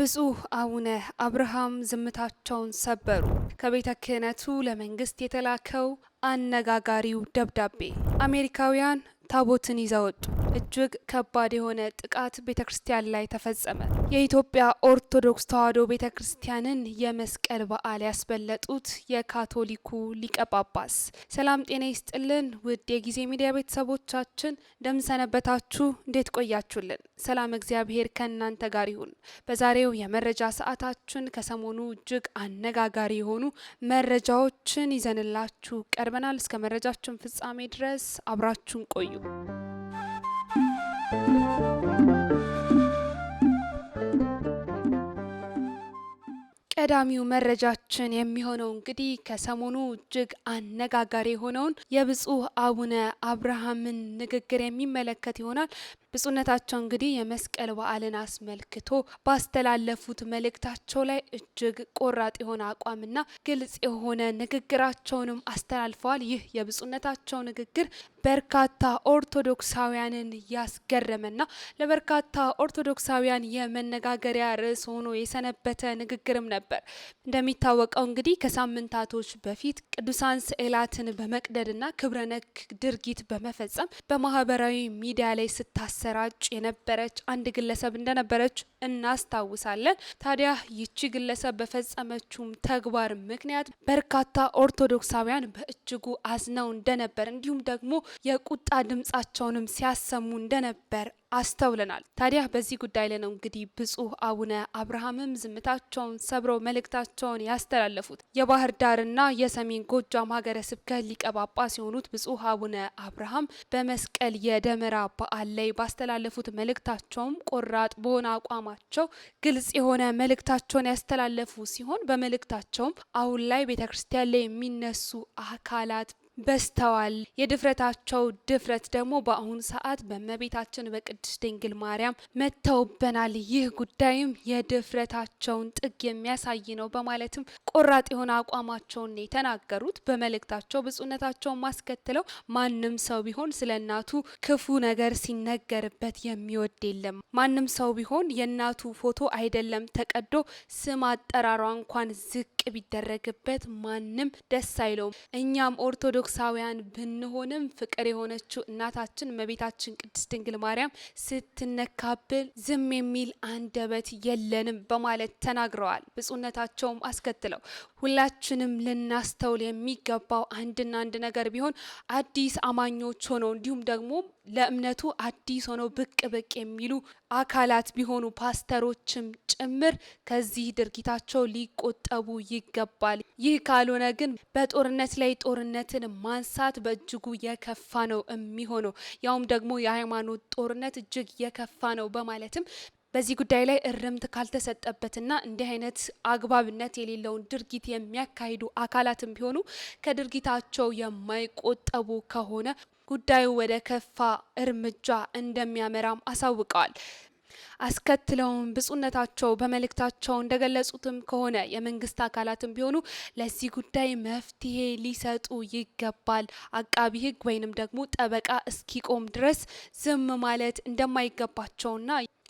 ብፁዕ አቡነ አብርሃም ዝምታቸውን ሰበሩ። ከቤተ ክህነቱ ለመንግስት የተላከው አነጋጋሪው ደብዳቤ አሜሪካውያን ታቦትን ይዘው ወጡ። እጅግ ከባድ የሆነ ጥቃት ቤተ ክርስቲያን ላይ ተፈጸመ። የኢትዮጵያ ኦርቶዶክስ ተዋሕዶ ቤተ ክርስቲያንን የመስቀል በዓል ያስበለጡት የካቶሊኩ ሊቀ ጳጳስ። ሰላም ጤና ይስጥልን ውድ የጊዜ ሚዲያ ቤተሰቦቻችን እንደምንሰነበታችሁ፣ እንዴት ቆያችሁልን? ሰላም እግዚአብሔር ከእናንተ ጋር ይሁን። በዛሬው የመረጃ ሰዓታችን ከሰሞኑ እጅግ አነጋጋሪ የሆኑ መረጃዎችን ይዘንላችሁ ቀርበናል። እስከ መረጃችን ፍጻሜ ድረስ አብራችሁን ቆዩ። ቀዳሚው መረጃችን የሚሆነው እንግዲህ ከሰሞኑ እጅግ አነጋጋሪ የሆነውን የብፁዕ አቡነ አብርሃምን ንግግር የሚመለከት ይሆናል። ብፁዕነታቸው እንግዲህ የመስቀል በዓልን አስመልክቶ ባስተላለፉት መልእክታቸው ላይ እጅግ ቆራጥ የሆነ አቋምና ግልጽ የሆነ ንግግራቸውንም አስተላልፈዋል። ይህ የብፁዕነታቸው ንግግር በርካታ ኦርቶዶክሳውያንን ያስገረመና ለበርካታ ኦርቶዶክሳውያን የመነጋገሪያ ርዕስ ሆኖ የሰነበተ ንግግርም ነበር። እንደሚታወቀው እንግዲህ ከሳምንታቶች በፊት ቅዱሳን ስዕላትን በመቅደድና ክብረ ነክ ድርጊት በመፈጸም በማህበራዊ ሚዲያ ላይ ስታሰ ስታሰራጭ የነበረች አንድ ግለሰብ እንደነበረች እናስታውሳለን። ታዲያ ይቺ ግለሰብ በፈጸመችውም ተግባር ምክንያት በርካታ ኦርቶዶክሳውያን በእጅጉ አዝነው እንደነበር እንዲሁም ደግሞ የቁጣ ድምጻቸውንም ሲያሰሙ እንደነበር አስተውለናል። ታዲያ በዚህ ጉዳይ ላይ ነው እንግዲህ ብፁዕ አቡነ አብርሃምም ዝምታቸውን ሰብረው መልእክታቸውን ያስተላለፉት። የባህር ዳርና የሰሜን ጎጃም ሀገረ ስብከት ሊቀ ጳጳስ የሆኑት ብፁዕ አቡነ አብርሃም በመስቀል የደመራ በዓል ላይ ባስተላለፉት መልእክታቸውም ቆራጥ በሆነ አቋማቸው ግልጽ የሆነ መልእክታቸውን ያስተላለፉ ሲሆን በመልእክታቸውም አሁን ላይ ቤተ ክርስቲያን ላይ የሚነሱ አካላት በስተዋል የድፍረታቸው ድፍረት ደግሞ በአሁኑ ሰዓት በእመቤታችን በቅድስት ድንግል ማርያም መጥተውበናል። ይህ ጉዳይም የድፍረታቸውን ጥግ የሚያሳይ ነው በማለትም ቆራጥ የሆነ አቋማቸውን የተናገሩት በመልእክታቸው ብፁዕነታቸውን ማስከትለው ማንም ሰው ቢሆን ስለ እናቱ ክፉ ነገር ሲነገርበት የሚወድ የለም። ማንም ሰው ቢሆን የእናቱ ፎቶ አይደለም ተቀዶ ስም አጠራሯ እንኳን ዝቅ ቢደረግበት ማንም ደስ አይለውም። እኛም ኦርቶዶክስ ኦርቶዶክሳውያን ብንሆንም ፍቅር የሆነችው እናታችን እመቤታችን ቅድስት ድንግል ማርያም ስትነካብን ዝም የሚል አንደበት የለንም በማለት ተናግረዋል። ብፁዕነታቸውም አስከትለው ሁላችንም ልናስተውል የሚገባው አንድና አንድ ነገር ቢሆን አዲስ አማኞች ሆነው እንዲሁም ደግሞ ለእምነቱ አዲስ ሆነው ብቅ ብቅ የሚሉ አካላት ቢሆኑ ፓስተሮችም ጭምር ከዚህ ድርጊታቸው ሊቆጠቡ ይገባል። ይህ ካልሆነ ግን በጦርነት ላይ ጦርነትን ማንሳት በእጅጉ የከፋ ነው የሚሆነው። ያውም ደግሞ የሃይማኖት ጦርነት እጅግ የከፋ ነው በማለትም በዚህ ጉዳይ ላይ እርምት ካልተሰጠበትና እንዲህ አይነት አግባብነት የሌለውን ድርጊት የሚያካሂዱ አካላትም ቢሆኑ ከድርጊታቸው የማይቆጠቡ ከሆነ ጉዳዩ ወደ ከፋ እርምጃ እንደሚያመራም አሳውቀዋል። አስከትለውም ብፁዕነታቸው በመልእክታቸው እንደገለጹትም ከሆነ የመንግስት አካላትም ቢሆኑ ለዚህ ጉዳይ መፍትሄ ሊሰጡ ይገባል። አቃቢ ሕግ ወይንም ደግሞ ጠበቃ እስኪቆም ድረስ ዝም ማለት እንደማይገባቸውና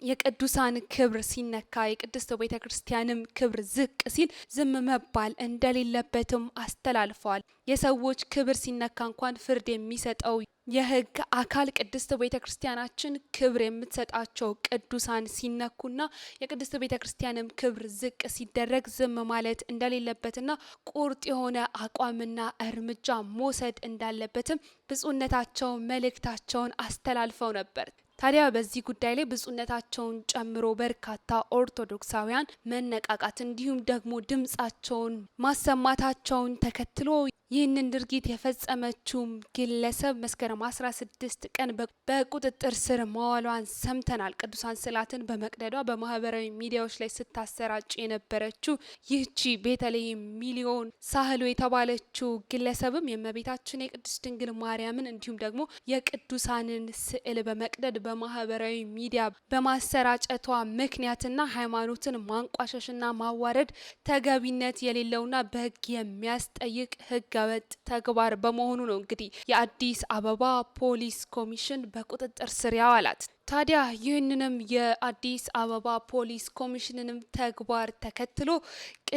የቅዱሳን ክብር ሲነካ የቅድስት ቤተ ክርስቲያንም ክብር ዝቅ ሲል ዝም መባል እንደሌለበትም አስተላልፈዋል። የሰዎች ክብር ሲነካ እንኳን ፍርድ የሚሰጠው የሕግ አካል ቅድስት ቤተ ክርስቲያናችን ክብር የምትሰጣቸው ቅዱሳን ሲነኩና የቅድስት ቤተ ክርስቲያንም ክብር ዝቅ ሲደረግ ዝም ማለት እንደሌለበትና ቁርጥ የሆነ አቋምና እርምጃ መውሰድ እንዳለበትም ብፁዕነታቸው መልእክታቸውን አስተላልፈው ነበር። ታዲያ በዚህ ጉዳይ ላይ ብፁዕነታቸውን ጨምሮ በርካታ ኦርቶዶክሳውያን መነቃቃት እንዲሁም ደግሞ ድምጻቸውን ማሰማታቸውን ተከትሎ ይህንን ድርጊት የፈጸመችውም ግለሰብ መስከረም 16 ቀን በቁጥጥር ስር መዋሏን ሰምተናል። ቅዱሳን ስዕላትን በመቅደዷ በማህበራዊ ሚዲያዎች ላይ ስታሰራጭ የነበረችው ይህቺ ቤተልሔም ሚሊዮን ሳህሎ የተባለችው ግለሰብም የእመቤታችን የቅድስት ድንግል ማርያምን እንዲሁም ደግሞ የቅዱሳንን ስዕል በመቅደድ በማህበራዊ ሚዲያ በማሰራጨቷ ምክንያትና ሃይማኖትን ማንቋሸሽና ማዋረድ ተገቢነት የሌለውና በህግ የሚያስጠይቅ ህግ ህገወጥ ተግባር በመሆኑ ነው እንግዲህ የአዲስ አበባ ፖሊስ ኮሚሽን በቁጥጥር ስር ያዋላት። ታዲያ ይህንንም የአዲስ አበባ ፖሊስ ኮሚሽንንም ተግባር ተከትሎ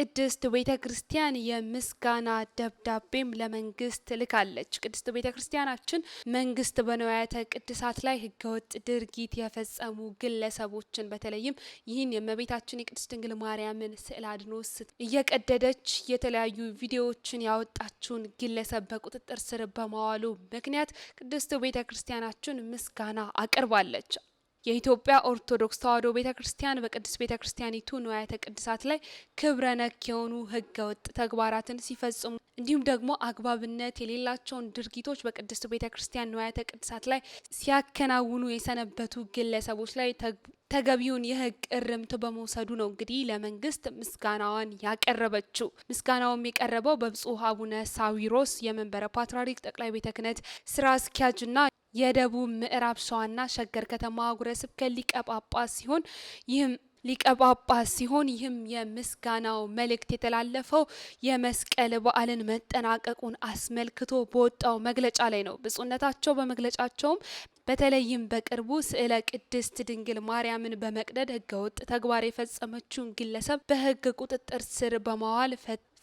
ቅድስት ቤተ ክርስቲያን የምስጋና ደብዳቤም ለመንግስት ልካለች። ቅድስት ቤተ ክርስቲያናችን መንግስት በንዋያተ ቅድሳት ላይ ህገወጥ ድርጊት የፈጸሙ ግለሰቦችን በተለይም ይህን የእመቤታችን የቅድስት ድንግል ማርያምን ስዕል አድኖ እየቀደደች የተለያዩ ቪዲዮዎችን ያወጣችውን ግለሰብ በቁጥጥር ስር በማዋሉ ምክንያት ቅድስት ቤተ ክርስቲያናችን ምስጋና አቅርባለች። የኢትዮጵያ ኦርቶዶክስ ተዋሕዶ ቤተ ክርስቲያን በቅድስት ቤተ ክርስቲያኒቱ ንዋያተ ቅድሳት ላይ ክብረ ነክ የሆኑ ሕገ ወጥ ተግባራትን ሲፈጽሙ እንዲሁም ደግሞ አግባብነት የሌላቸውን ድርጊቶች በቅድስት ቤተ ክርስቲያን ንዋያተ ቅድሳት ላይ ሲያከናውኑ የሰነበቱ ግለሰቦች ላይ ተገቢውን የህግ እርምት በመውሰዱ ነው እንግዲህ ለመንግስት ምስጋናዋን ያቀረበችው። ምስጋናውም የቀረበው በብፁዕ አቡነ ሳዊሮስ የመንበረ ፓትርያርክ ጠቅላይ ቤተ ክህነት ስራ አስኪያጅና የደቡብ ምዕራብ ሸዋና ሸገር ከተማ አህጉረ ስብከት ሊቀ ጳጳስ ሲሆን ይህም ሊቀ ጳጳስ ሲሆን ይህም የምስጋናው መልእክት የተላለፈው የመስቀል በዓልን መጠናቀቁን አስመልክቶ በወጣው መግለጫ ላይ ነው። ብፁዕነታቸው በመግለጫቸውም በተለይም በቅርቡ ስዕለ ቅድስት ድንግል ማርያምን በመቅደድ ህገወጥ ተግባር የፈጸመችውን ግለሰብ በህግ ቁጥጥር ስር በማዋል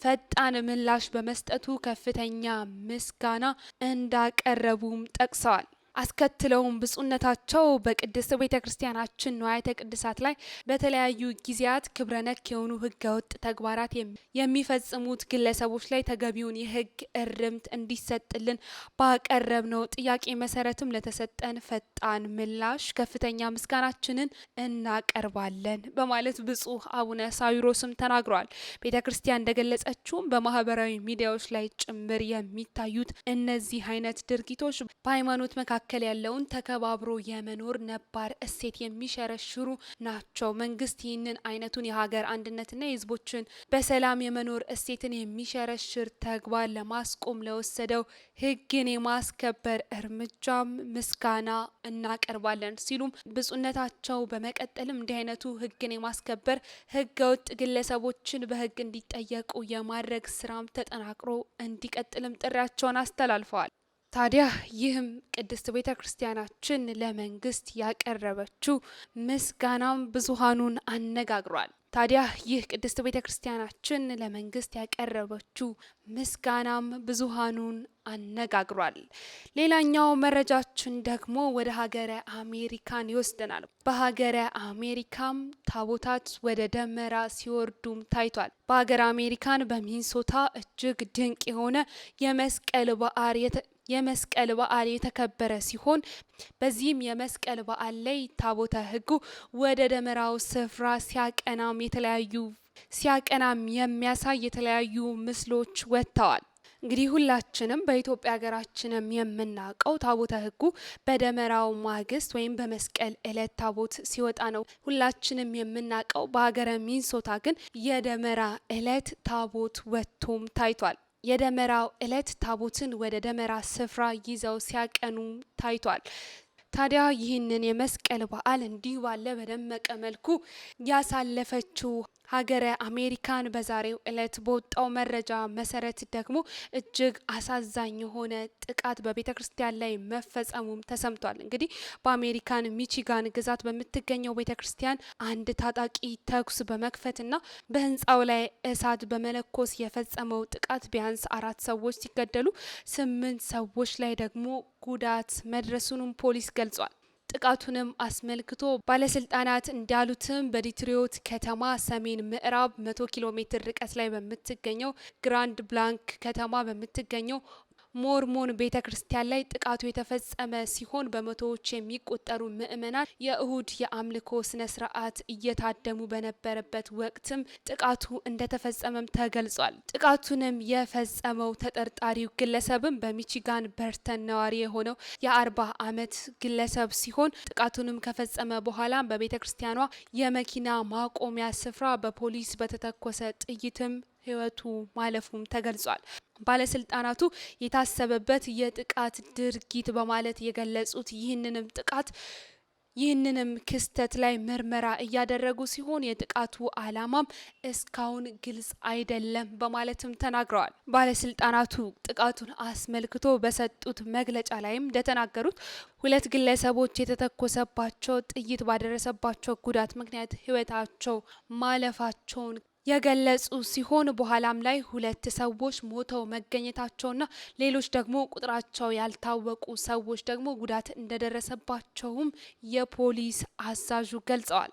ፈጣን ምላሽ በመስጠቱ ከፍተኛ ምስጋና እንዳቀረቡም ጠቅሰዋል። አስከትለውም ብፁዕነታቸው በቅድስት ቤተ ክርስቲያናችን ንዋያተ ቅድሳት ላይ በተለያዩ ጊዜያት ክብረ ነክ የሆኑ ህገወጥ ተግባራት የሚፈጽሙት ግለሰቦች ላይ ተገቢውን የህግ እርምት እንዲሰጥልን ባቀረብነው ጥያቄ መሰረትም ለተሰጠን ፈጣን ምላሽ ከፍተኛ ምስጋናችንን እናቀርባለን በማለት ብፁዕ አቡነ ሳዊሮስም ተናግረዋል። ቤተ ክርስቲያን እንደገለጸችውም በማህበራዊ ሚዲያዎች ላይ ጭምር የሚታዩት እነዚህ አይነት ድርጊቶች በሃይማኖት መካከል መካከል ያለውን ተከባብሮ የመኖር ነባር እሴት የሚሸረሽሩ ናቸው። መንግስት ይህንን አይነቱን የሀገር አንድነትና የህዝቦችን በሰላም የመኖር እሴትን የሚሸረሽር ተግባር ለማስቆም ለወሰደው ህግን የማስከበር እርምጃም ምስጋና እናቀርባለን ሲሉም ብፁዕነታቸው በመቀጠልም እንዲህ አይነቱ ህግን የማስከበር ህገወጥ ግለሰቦችን በህግ እንዲጠየቁ የማድረግ ስራም ተጠናክሮ እንዲቀጥልም ጥሪያቸውን አስተላልፈዋል። ታዲያ ይህም ቅድስት ቤተ ክርስቲያናችን ለመንግስት ያቀረበችው ምስጋናም ብዙሃኑን አነጋግሯል። ታዲያ ይህ ቅድስት ቤተ ክርስቲያናችን ለመንግስት ያቀረበችው ምስጋናም ብዙሃኑን አነጋግሯል። ሌላኛው መረጃችን ደግሞ ወደ ሀገረ አሜሪካን ይወስደናል። በሀገረ አሜሪካም ታቦታት ወደ ደመራ ሲወርዱም ታይቷል። በሀገረ አሜሪካን በሚኒሶታ እጅግ ድንቅ የሆነ የመስቀል በዓል የመስቀል በዓል የተከበረ ሲሆን በዚህም የመስቀል በዓል ላይ ታቦተ ሕጉ ወደ ደመራው ስፍራ ሲያቀናም የተለያዩ ሲያቀናም የሚያሳይ የተለያዩ ምስሎች ወጥተዋል። እንግዲህ ሁላችንም በኢትዮጵያ ሀገራችንም የምናውቀው ታቦተ ሕጉ በደመራው ማግስት ወይም በመስቀል እለት ታቦት ሲወጣ ነው። ሁላችንም የምናውቀው በሀገረ ሚንሶታ ግን የደመራ እለት ታቦት ወጥቶም ታይቷል። የደመራው ዕለት ታቦትን ወደ ደመራ ስፍራ ይዘው ሲያቀኑ ታይቷል። ታዲያ ይህንን የመስቀል በዓል እንዲህ ባለ በደመቀ መልኩ ያሳለፈችው ሀገረ አሜሪካን በዛሬው ዕለት በወጣው መረጃ መሰረት ደግሞ እጅግ አሳዛኝ የሆነ ጥቃት በቤተ ክርስቲያን ላይ መፈጸሙም ተሰምቷል። እንግዲህ በአሜሪካን ሚቺጋን ግዛት በምትገኘው ቤተ ክርስቲያን አንድ ታጣቂ ተኩስ በመክፈትና በህንፃው ላይ እሳት በመለኮስ የፈጸመው ጥቃት ቢያንስ አራት ሰዎች ሲገደሉ ስምንት ሰዎች ላይ ደግሞ ጉዳት መድረሱንም ፖሊስ ገልጿል። ጥቃቱንም አስመልክቶ ባለስልጣናት እንዳሉትም በዲትሪዮት ከተማ ሰሜን ምዕራብ መቶ ኪሎ ሜትር ርቀት ላይ በምትገኘው ግራንድ ብላንክ ከተማ በምትገኘው ሞርሞን ቤተ ክርስቲያን ላይ ጥቃቱ የተፈጸመ ሲሆን በመቶዎች የሚቆጠሩ ምዕመናን የእሁድ የአምልኮ ስነ ስርዓት እየታደሙ በነበረበት ወቅትም ጥቃቱ እንደተፈጸመም ተገልጿል። ጥቃቱንም የፈጸመው ተጠርጣሪው ግለሰብም በሚቺጋን በርተን ነዋሪ የሆነው የአርባ አመት ግለሰብ ሲሆን ጥቃቱንም ከፈጸመ በኋላ በቤተ ክርስቲያኗ የመኪና ማቆሚያ ስፍራ በፖሊስ በተተኮሰ ጥይትም ህይወቱ ማለፉም ተገልጿል። ባለስልጣናቱ የታሰበበት የጥቃት ድርጊት በማለት የገለጹት ይህንንም ጥቃት ይህንንም ክስተት ላይ ምርመራ እያደረጉ ሲሆን የጥቃቱ ዓላማም እስካሁን ግልጽ አይደለም በማለትም ተናግረዋል። ባለስልጣናቱ ጥቃቱን አስመልክቶ በሰጡት መግለጫ ላይም እንደተናገሩት ሁለት ግለሰቦች የተተኮሰባቸው ጥይት ባደረሰባቸው ጉዳት ምክንያት ህይወታቸው ማለፋቸውን የገለጹ ሲሆን በኋላም ላይ ሁለት ሰዎች ሞተው መገኘታቸውና ሌሎች ደግሞ ቁጥራቸው ያልታወቁ ሰዎች ደግሞ ጉዳት እንደደረሰባቸውም የፖሊስ አዛዡ ገልጸዋል።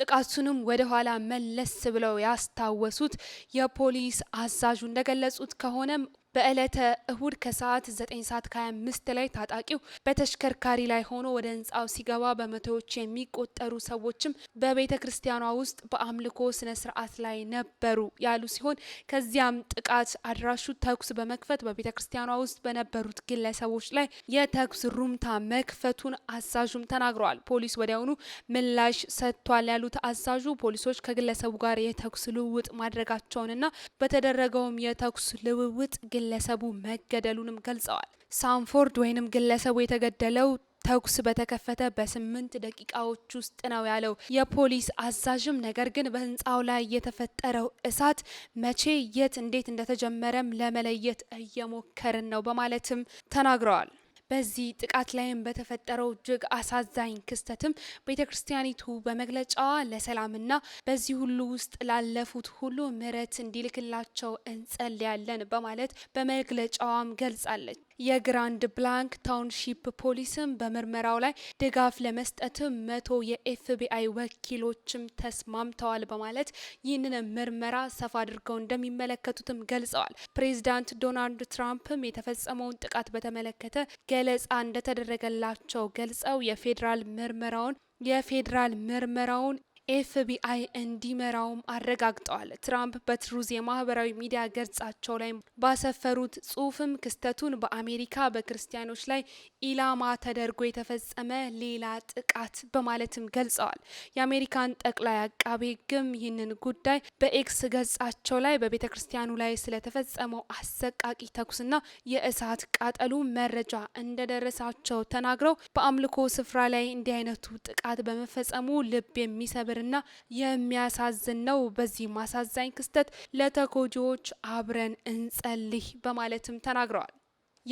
ጥቃቱንም ወደ ኋላ መለስ ብለው ያስታወሱት የፖሊስ አዛዡ እንደገለጹት ከሆነም በዕለተ እሁድ ከሰዓት 9 ሰዓት 25 ላይ ታጣቂው በተሽከርካሪ ላይ ሆኖ ወደ ህንፃው ሲገባ በመቶዎች የሚቆጠሩ ሰዎችም በቤተ ክርስቲያኗ ውስጥ በአምልኮ ስነ ስርዓት ላይ ነበሩ ያሉ ሲሆን ከዚያም ጥቃት አድራሹ ተኩስ በመክፈት በቤተ ክርስቲያኗ ውስጥ በነበሩት ግለሰቦች ላይ የተኩስ ሩምታ መክፈቱን አዛዡም ተናግረዋል። ፖሊስ ወዲያውኑ ምላሽ ሰጥቷል ያሉት አዛዡ ፖሊሶች ከግለሰቡ ጋር የተኩስ ልውውጥ ማድረጋቸውንና በተደረገውም የተኩስ ልውውጥ ግለሰቡ መገደሉንም ገልጸዋል። ሳንፎርድ ወይንም ግለሰቡ የተገደለው ተኩስ በተከፈተ በስምንት ደቂቃዎች ውስጥ ነው ያለው የፖሊስ አዛዥም። ነገር ግን በህንፃው ላይ የተፈጠረው እሳት መቼ፣ የት፣ እንዴት እንደተጀመረም ለመለየት እየሞከርን ነው በማለትም ተናግረዋል። በዚህ ጥቃት ላይም በተፈጠረው እጅግ አሳዛኝ ክስተትም ቤተ ክርስቲያኒቱ በመግለጫዋ ለሰላምና በዚህ ሁሉ ውስጥ ላለፉት ሁሉ ምሕረት እንዲልክላቸው እንጸልያለን በማለት በመግለጫዋም ገልጻለች። የግራንድ ብላንክ ታውንሺፕ ፖሊስም በምርመራው ላይ ድጋፍ ለመስጠትም መቶ የኤፍቢአይ ወኪሎችም ተስማምተዋል በማለት ይህንን ምርመራ ሰፋ አድርገው እንደሚመለከቱትም ገልጸዋል። ፕሬዚዳንት ዶናልድ ትራምፕም የተፈጸመውን ጥቃት በተመለከተ ገለጻ እንደተደረገላቸው ገልጸው የፌዴራል ምርመራውን የፌዴራል ምርመራውን ኤፍቢአይ እንዲመራውም አረጋግጠዋል። ትራምፕ በትሩዝ የማህበራዊ ሚዲያ ገጻቸው ላይ ባሰፈሩት ጽሁፍም ክስተቱን በአሜሪካ በክርስቲያኖች ላይ ኢላማ ተደርጎ የተፈጸመ ሌላ ጥቃት በማለትም ገልጸዋል። የአሜሪካን ጠቅላይ አቃቤ ሕግም ይህንን ጉዳይ በኤክስ ገጻቸው ላይ በቤተ ክርስቲያኑ ላይ ስለተፈጸመው አሰቃቂ ተኩስና የእሳት ቃጠሉ መረጃ እንደደረሳቸው ተናግረው በአምልኮ ስፍራ ላይ እንዲህ አይነቱ ጥቃት በመፈጸሙ ልብ የሚሰብርና የሚያሳዝን ነው። በዚህ ማሳዛኝ ክስተት ለተጎጂዎች አብረን እንጸልይ በማለትም ተናግረዋል።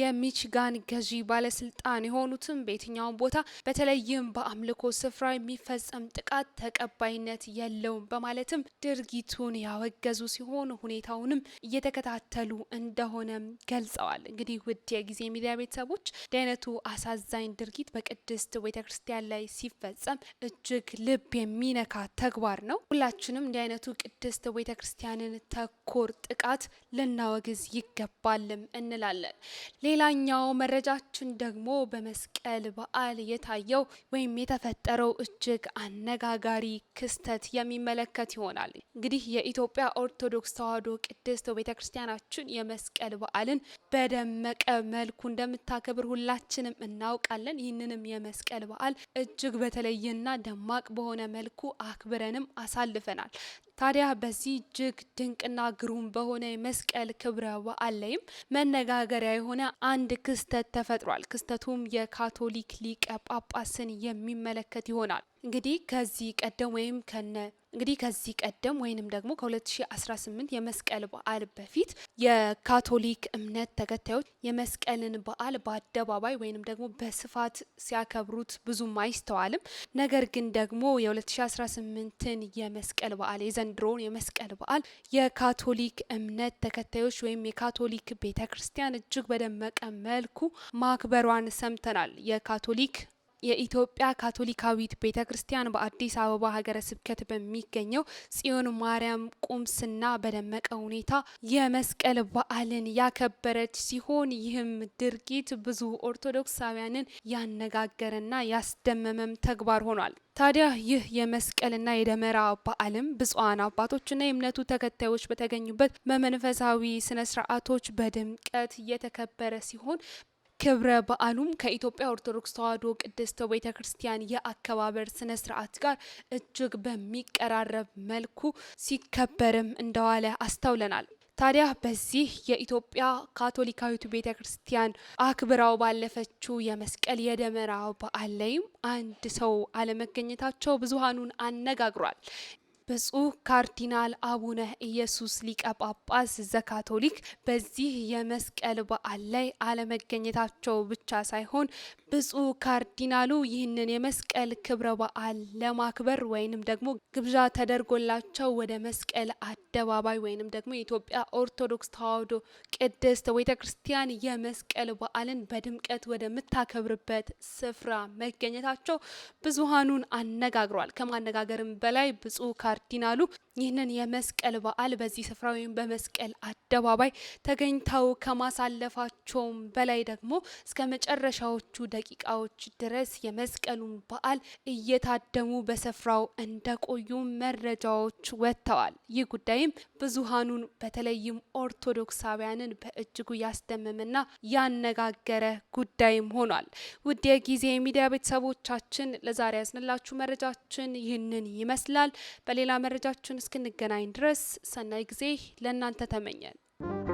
የሚችጋን ገዢ ባለስልጣን የሆኑትም በየትኛውም ቦታ በተለይም በአምልኮ ስፍራ የሚፈጸም ጥቃት ተቀባይነት የለውም በማለትም ድርጊቱን ያወገዙ ሲሆን ሁኔታውንም እየተከታተሉ እንደሆነም ገልጸዋል። እንግዲህ ውድ የጊዜ ሚዲያ ቤተሰቦች እንዲህ አሳዛኝ ድርጊት በቅድስት ቤተ ክርስቲያን ላይ ሲፈጸም እጅግ ልብ የሚነካ ተግባር ነው። ሁላችንም እንዲህ አይነቱ ቅድስት ቤተ ክርስቲያንን ተኮር ጥቃት ልናወግዝ ይገባልም እንላለን። ሌላኛው መረጃችን ደግሞ በመስቀል በዓል የታየው ወይም የተፈጠረው እጅግ አነጋጋሪ ክስተት የሚመለከት ይሆናል። እንግዲህ የኢትዮጵያ ኦርቶዶክስ ተዋሕዶ ቅድስት ቤተ ክርስቲያናችን የመስቀል በዓልን በደመቀ መልኩ እንደምታከብር ሁላችንም እናውቃለን። ይህንንም የመስቀል በዓል እጅግ በተለየና ደማቅ በሆነ መልኩ አክብረንም አሳልፈናል። ታዲያ በዚህ እጅግ ድንቅና ግሩም በሆነ የመስቀል ክብረ በዓል ላይም መነጋገሪያ የሆነ አንድ ክስተት ተፈጥሯል። ክስተቱም የካቶሊክ ሊቀ ጳጳስን የሚመለከት ይሆናል። እንግዲህ ከዚህ ቀደም ወይም ከነ እንግዲህ ከዚህ ቀደም ወይንም ደግሞ ከ2018 የመስቀል በዓል በፊት የካቶሊክ እምነት ተከታዮች የመስቀልን በዓል በአደባባይ ወይንም ደግሞ በስፋት ሲያከብሩት ብዙም አይስተዋልም። ነገር ግን ደግሞ የ2018ን የመስቀል በዓል የዘንድሮውን የመስቀል በዓል የካቶሊክ እምነት ተከታዮች ወይም የካቶሊክ ቤተ ክርስቲያን እጅግ በደመቀ መልኩ ማክበሯን ሰምተናል። የካቶሊክ የኢትዮጵያ ካቶሊካዊት ቤተ ክርስቲያን በአዲስ አበባ ሀገረ ስብከት በሚገኘው ጽዮን ማርያም ቁምስና በደመቀ ሁኔታ የመስቀል በዓልን ያከበረች ሲሆን ይህም ድርጊት ብዙ ኦርቶዶክሳውያንን ያነጋገረና ያስደመመም ተግባር ሆኗል። ታዲያ ይህ የመስቀልና የደመራ በዓልም ብፁዓን አባቶችና የእምነቱ ተከታዮች በተገኙበት በመንፈሳዊ ስነ ስርዓቶች በድምቀት እየተከበረ ሲሆን ክብረ በዓሉም ከኢትዮጵያ ኦርቶዶክስ ተዋሕዶ ቅድስት ቤተ ክርስቲያን የአከባበር ስነ ስርዓት ጋር እጅግ በሚቀራረብ መልኩ ሲከበርም እንደዋለ አስተውለናል። ታዲያ በዚህ የኢትዮጵያ ካቶሊካዊቱ ቤተ ክርስቲያን አክብራው ባለፈችው የመስቀል የደመራ በዓል ላይም አንድ ሰው አለመገኘታቸው ብዙሃኑን አነጋግሯል። ብፁዕ ካርዲናል አቡነ ኢየሱስ ሊቀ ጳጳስ ዘካቶሊክ በዚህ የመስቀል በዓል ላይ አለመገኘታቸው ብቻ ሳይሆን ብፁዕ ካርዲናሉ ይህንን የመስቀል ክብረ በዓል ለማክበር ወይንም ደግሞ ግብዣ ተደርጎላቸው ወደ መስቀል አደባባይ ወይንም ደግሞ የኢትዮጵያ ኦርቶዶክስ ተዋሕዶ ቅድስት ቤተ ክርስቲያን የመስቀል በዓልን በድምቀት ወደምታከብርበት ስፍራ መገኘታቸው ብዙሀኑን አነጋግሯል። ከማነጋገርም በላይ ብፁዕ አዲን አሉ። ይህንን የመስቀል በዓል በዚህ ስፍራ ወይም በመስቀል አደባባይ ተገኝተው ከማሳለፋቸውም በላይ ደግሞ እስከ መጨረሻዎቹ ደቂቃዎች ድረስ የመስቀሉን በዓል እየታደሙ በስፍራው እንደቆዩ መረጃዎች ወጥተዋል። ይህ ጉዳይም ብዙሃኑን በተለይም ኦርቶዶክሳውያንን በእጅጉ ያስደመመና ያነጋገረ ጉዳይም ሆኗል። ውድ የጊዜ ሚዲያ ቤተሰቦቻችን ለዛሬ ያዝንላችሁ መረጃችን ይህንን ይመስላል። በሌ በሌላ መረጃችን እስክንገናኝ ድረስ ሰናይ ጊዜ ለእናንተ ተመኘን።